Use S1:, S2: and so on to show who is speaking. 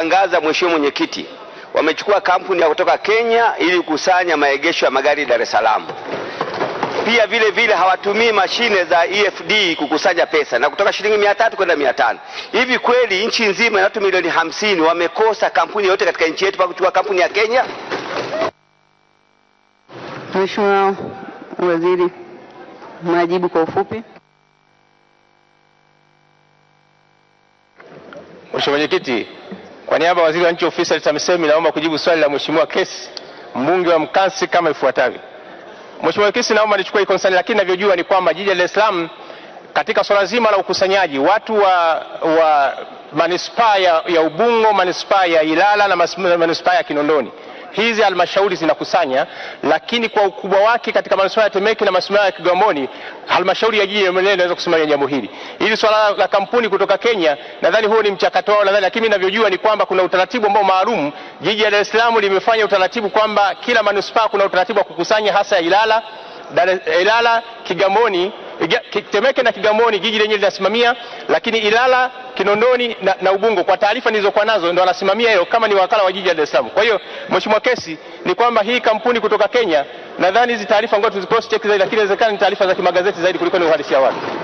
S1: Tangaza Mheshimiwa Mwenyekiti, wamechukua kampuni ya kutoka Kenya ili kusanya maegesho ya magari Dar es Salaam. Pia vile vile hawatumii mashine za EFD kukusanya pesa na kutoka shilingi mia tatu kwenda mia tano. Hivi kweli nchi nzima na watu milioni hamsini wamekosa kampuni yote katika nchi yetu pa kuchukua kampuni ya Kenya?
S2: Mheshimiwa Waziri, majibu kwa ufupi.
S1: Mheshimiwa Mwenyekiti kwa niaba ya waziri wa nchi ofisi ya TAMISEMI, naomba kujibu swali la mheshimiwa Kesi mbunge wa mkasi kama ifuatavyo. Mheshimiwa Kesi, naomba nichukue konsani, lakini navyojua ni kwamba jiji la Dar es Salaam katika swala zima la ukusanyaji watu wa, wa manispaa ya, ya Ubungo, manispaa ya Ilala na manispaa ya Kinondoni hizi halmashauri zinakusanya, lakini kwa ukubwa wake katika manispaa ya Temeke na manispaa ya Kigamboni, halmashauri ya jiji mwenyewe inaweza kusimamia jambo hili. Hili swala la kampuni kutoka Kenya, nadhani huo ni mchakato wao, nadhani lakini ninavyojua ni kwamba kuna utaratibu ambao maalum jiji la Dar es Salaam limefanya utaratibu kwamba kila manispaa kuna utaratibu wa kukusanya hasa Ilala, Ilala, Kigamboni Temeke na Kigamboni jiji lenyewe linasimamia, lakini Ilala, Kinondoni na, na Ubungo kwa taarifa nilizokuwa nazo ndo anasimamia hiyo kama ni wakala wa jiji la Dar es Salaam. Kwa hiyo mheshimiwa, kesi ni kwamba hii kampuni kutoka Kenya, nadhani hizi taarifa ngoja tuzipost check zaidi, lakini inawezekana ni taarifa za kimagazeti zaidi kuliko ni uhalisia wake.